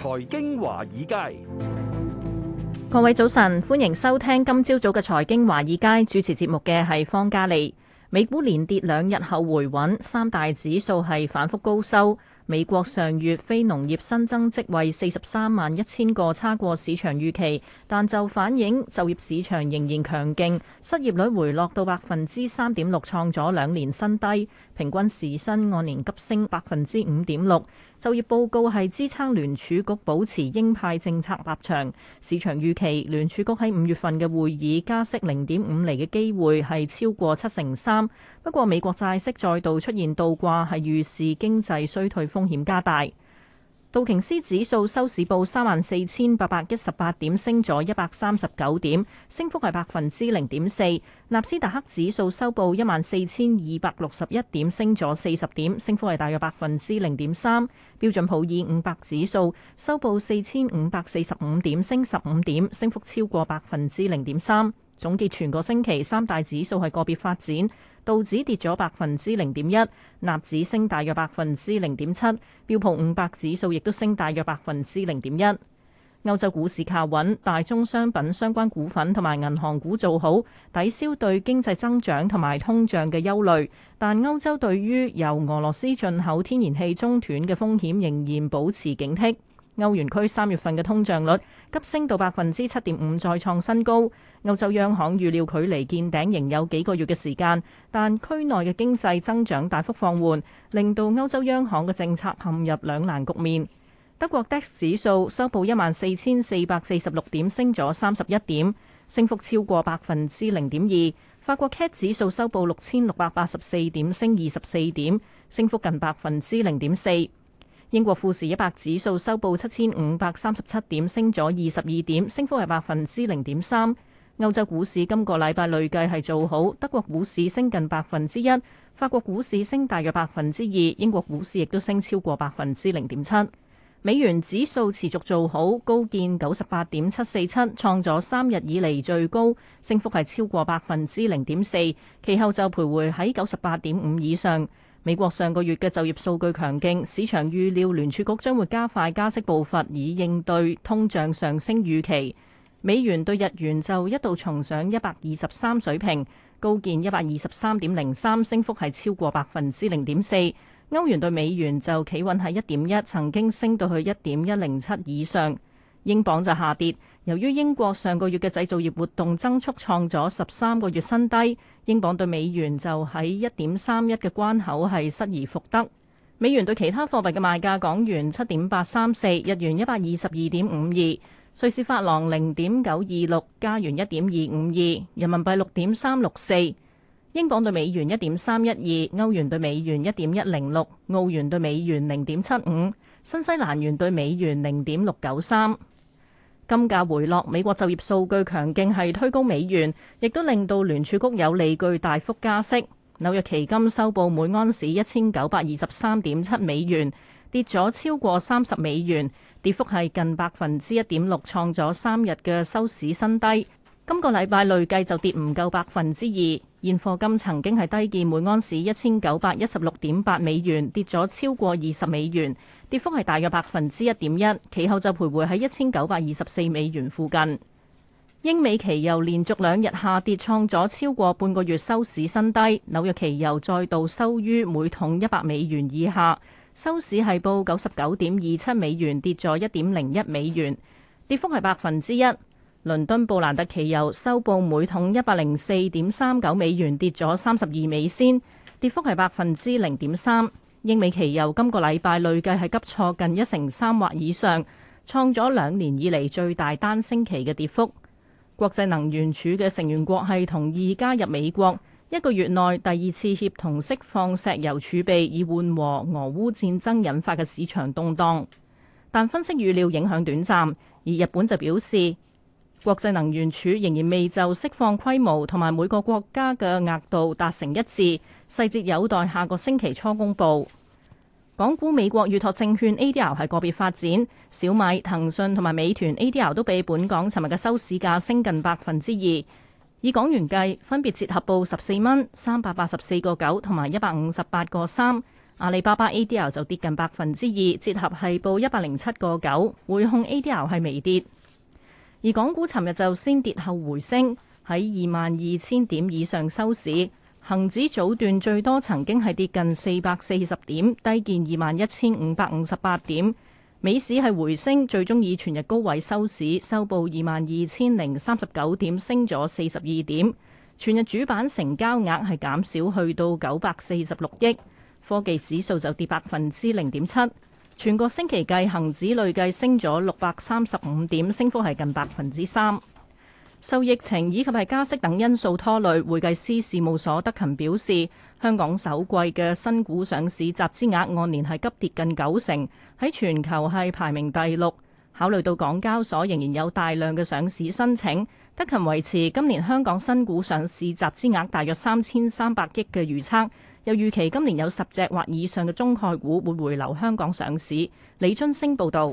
財經華爾街，各位早晨，歡迎收聽今朝早嘅財經華爾街，主持節目嘅係方嘉利，美股連跌兩日後回穩，三大指數係反復高收。美國上月非農業新增職位四十三萬一千個，差過市場預期，但就反映就業市場仍然強勁，失業率回落到百分之三點六，創咗兩年新低，平均時薪按年急升百分之五點六。就業報告係支撐聯儲局保持鷹派政策立場，市場預期聯儲局喺五月份嘅會議加息零點五厘嘅機會係超過七成三。不過，美國債息再度出現倒掛，係預示經濟衰退風險加大。道瓊斯指數收市報三萬四千八百一十八點，升咗一百三十九點，升幅係百分之零點四。納斯達克指數收報一萬四千二百六十一點，升咗四十點，升幅係大約百分之零點三。標準普爾五百指數收報四千五百四十五點，升十五點，升幅超過百分之零點三。總結全個星期，三大指數係個別發展，道指跌咗百分之零點一，納指升大約百分之零點七，標普五百指數亦都升大約百分之零點一。歐洲股市靠穩，大宗商品相關股份同埋銀行股做好，抵消對經濟增長同埋通脹嘅憂慮。但歐洲對於由俄羅斯進口天然氣中斷嘅風險仍然保持警惕。歐元區三月份嘅通脹率急升到百分之七點五，再創新高。歐洲央行預料距離見頂仍有幾個月嘅時間，但區內嘅經濟增長大幅放緩，令到歐洲央行嘅政策陷入兩難局面。德國 DAX 指數收報一萬四千四百四十六點，升咗三十一點，升幅超過百分之零點二。法國 CAC 指數收報六千六百八十四點，升二十四點，升幅近百分之零點四。英國富時一百指數收報七千五百三十七點，升咗二十二點，升幅係百分之零點三。歐洲股市今個禮拜累計係做好，德國股市升近百分之一，法國股市升大約百分之二，英國股市亦都升超過百分之零點七。美元指數持續做好，高見九十八點七四七，創咗三日以嚟最高，升幅係超過百分之零點四。其後就徘徊喺九十八點五以上。美國上個月嘅就業數據強勁，市場預料聯儲局將會加快加息步伐，以應對通脹上升預期。美元對日元就一度重上一百二十三水平，高見一百二十三點零三，升幅係超過百分之零點四。歐元對美元就企穩喺一點一，曾經升到去一點一零七以上。英鎊就下跌，由於英國上個月嘅製造業活動增速創咗十三個月新低，英鎊對美元就喺一點三一嘅關口係失而復得。美元對其他貨幣嘅賣價，港元七點八三四，日元一百二十二點五二。瑞士法郎零點九二六，加元一點二五二，人民幣六點三六四，英鎊兌美元一點三一二，歐元兌美元一點一零六，澳元兌美元零點七五，新西蘭元兌美元零點六九三。金價回落，美國就業數據強勁係推高美元，亦都令到聯儲局有利據大幅加息。紐約期金收報每安士一千九百二十三點七美元。跌咗超過三十美元，跌幅係近百分之一點六，創咗三日嘅收市新低。今個禮拜累計就跌唔夠百分之二。現貨金曾經係低見每盎士一千九百一十六點八美元，跌咗超過二十美元，跌幅係大約百分之一點一。其後就徘徊喺一千九百二十四美元附近。英美期油連續兩日下跌，創咗超過半個月收市新低。紐約期油再度收於每桶一百美元以下。收市係報九十九點二七美元，跌咗一點零一美元，跌幅係百分之一。倫敦布蘭特期油收報每桶一百零四點三九美元，跌咗三十二美仙，跌幅係百分之零點三。英美期油今個禮拜累計係急挫近一成三或以上，創咗兩年以嚟最大單星期嘅跌幅。國際能源署嘅成員國係同意加入美國。一個月內第二次協同釋放石油儲備，以緩和俄烏戰爭引發嘅市場動盪。但分析預料影響短暫，而日本就表示國際能源署仍然未就釋放規模同埋每個國家嘅額度達成一致，細節有待下個星期初公布。港股美國預託證券 ADR 係個別發展，小米、騰訊同埋美團 ADR 都比本港尋日嘅收市價升近百分之二。以港元計，分別折合報十四蚊三百八十四個九，同埋一百五十八個三。阿里巴巴 ADR 就跌近百分之二，折合係報一百零七個九。匯控 ADR 係微跌，而港股尋日就先跌後回升，喺二萬二千點以上收市。恒指早段最多曾經係跌近四百四十點，低見二萬一千五百五十八點。美市係回升，最終以全日高位收市，收報二萬二千零三十九點，升咗四十二點。全日主板成交額係減少去到九百四十六億，科技指數就跌百分之零點七。全個星期計，恒指累計升咗六百三十五點，升幅係近百分之三。受疫情以及係加息等因素拖累，會計師事務所德勤表示，香港首季嘅新股上市集資額按年係急跌近九成，喺全球係排名第六。考慮到港交所仍然有大量嘅上市申請，德勤維持今年香港新股上市集資額大約三千三百億嘅預測，又預期今年有十隻或以上嘅中概股會回流香港上市。李津升報道。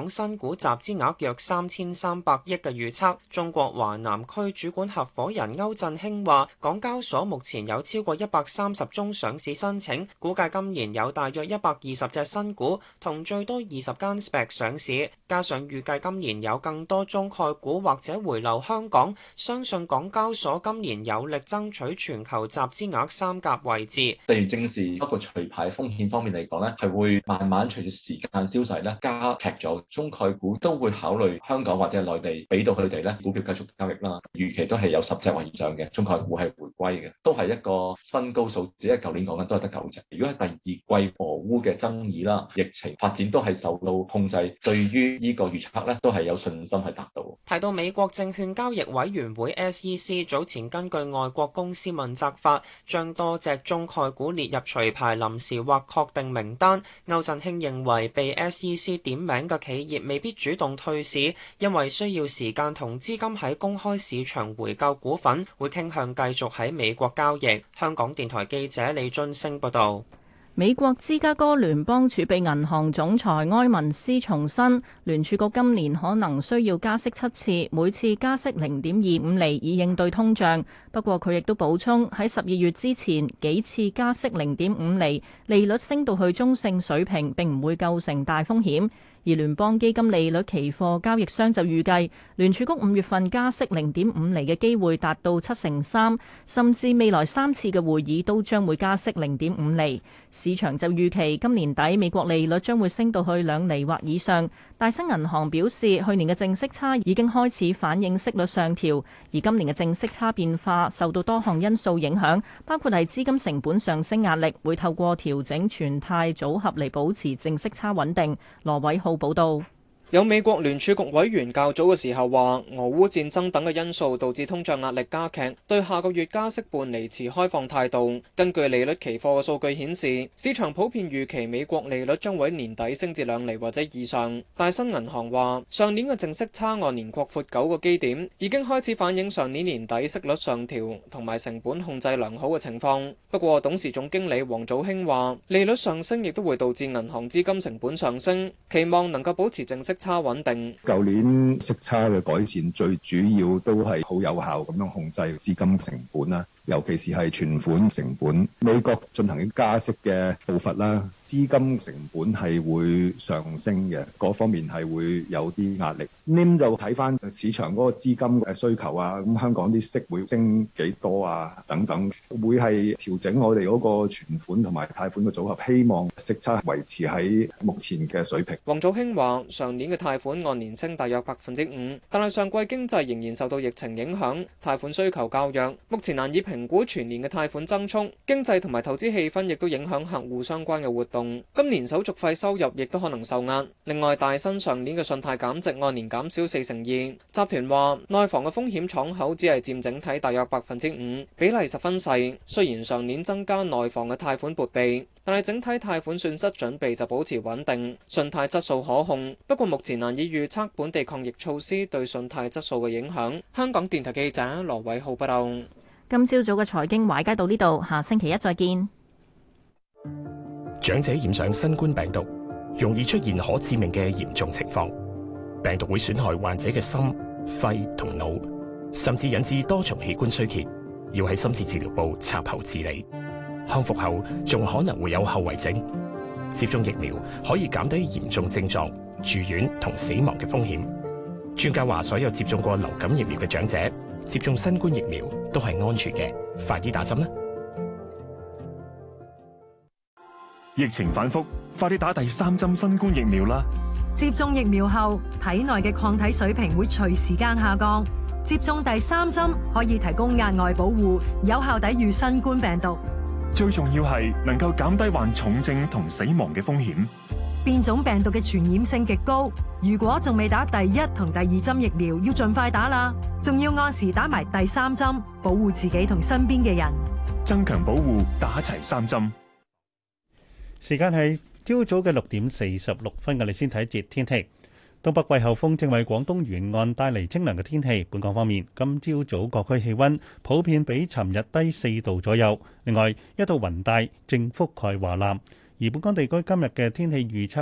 港新股集資額約三千三百億嘅預測，中國華南區主管合夥人歐振興話，港交所目前有超過一百三十宗上市申請，估計今年有大約一百二十隻新股同最多二十間 spec 上市，加上預計今年有更多中概股或者回流香港，相信港交所今年有力爭取全球集資額三甲位置。地政治不過，除牌風險方面嚟講咧，係會慢慢隨住時間消逝咧，加劇咗。中概股都會考慮香港或者內地俾到佢哋咧股票繼續交易啦，預期都係有十隻或以上嘅中概股係回歸嘅，都係一個新高數字。因為舊年講緊都係得九隻。如果係第二季俄烏嘅爭議啦、疫情發展都係受到控制，對於呢個預測咧都係有信心去達到。提到美國證券交易委員會 SEC 早前根據外國公司問責法將多隻中概股列入除牌臨時或確定名單，歐振興認為被 SEC 點名嘅企業企業未必主動退市，因為需要時間同資金喺公開市場回購股份，會傾向繼續喺美國交易。香港電台記者李俊升報道，美國芝加哥聯邦儲備銀行總裁埃文斯重申，聯儲局今年可能需要加息七次，每次加息零點二五厘，以應對通脹。不過，佢亦都補充喺十二月之前幾次加息零點五厘，利率升到去中性水平，並唔會構成大風險。而聯邦基金利率期貨交易商就預計聯儲局五月份加息零點五厘嘅機會達到七成三，甚至未來三次嘅會議都將會加息零點五厘。市場就預期今年底美國利率將會升到去兩厘或以上。大新銀行表示，去年嘅淨息差已經開始反映息率上調，而今年嘅淨息差變化受到多項因素影響，包括係資金成本上升壓力，會透過調整全態組合嚟保持淨息差穩定。羅偉豪。報道。有美國聯儲局委員較早嘅時候話，俄烏戰爭等嘅因素導致通脹壓力加劇，對下個月加息半厘持開放態度。根據利率期貨嘅數據顯示，市場普遍預期美國利率將喺年底升至兩厘或者以上。大新銀行話，上年嘅淨息差按年擴闊九個基點，已經開始反映上年年底息率上調同埋成本控制良好嘅情況。不過，董事總經理王祖興話，利率上升亦都會導致銀行資金成本上升，期望能夠保持淨息。差穩定，舊年息差嘅改善最主要都係好有效咁樣控制資金成本啦。尤其是係存款成本，美國進行加息嘅步伐啦，資金成本係會上升嘅，嗰方面係會有啲壓力。NIM 就睇翻市場嗰個資金嘅需求啊，咁香港啲息會升幾多啊？等等，會係調整我哋嗰個存款同埋貸款嘅組合，希望息差維持喺目前嘅水平。王祖興話：上年嘅貸款按年升大約百分之五，但係上季經濟仍然受到疫情影響，貸款需求較弱，目前難以。評估全年嘅貸款增速。經濟同埋投資氣氛亦都影響客戶相關嘅活動。今年手續費收入亦都可能受壓。另外，大新上年嘅信貸減值按年減少四成二。集團話內房嘅風險敞口只係佔整體大約百分之五，比例十分細。雖然上年增加內房嘅貸款撥備，但係整體貸款損失準備就保持穩定，信貸質素可控。不過目前難以預測本地抗疫措施對信貸質素嘅影響。香港電台記者羅偉浩報道。今朝早嘅財經華爾街到呢度，下星期一再見。長者染上新冠病毒，容易出現可致命嘅嚴重情況，病毒會損害患者嘅心、肺同腦，甚至引致多重器官衰竭，要喺深切治療部插喉治理。康復後仲可能會有後遺症。接種疫苗可以減低嚴重症狀、住院同死亡嘅風險。專家話，所有接種過流感疫苗嘅長者接種新冠疫苗。都係安全嘅，快啲打針啦！疫情反復，快啲打第三針新冠疫苗啦！接種疫苗後，體內嘅抗體水平會隨時間下降，接種第三針可以提供額外保護，有效抵禦新冠病毒。最重要係能夠減低患重症同死亡嘅風險。變種病毒嘅傳染性極高，如果仲未打第一同第二針疫苗，要盡快打啦，仲要按時打埋第三針，保護自己同身邊嘅人，增強保護，打齊三針。時間係朝早嘅六點四十六分嘅，你先睇一節天氣，東北季候風正為廣東沿岸帶嚟清涼嘅天氣。本港方面，今朝早各區氣溫普遍比尋日低四度左右，另外一道雲帶正覆蓋華南。而本港地區今日嘅天氣預測。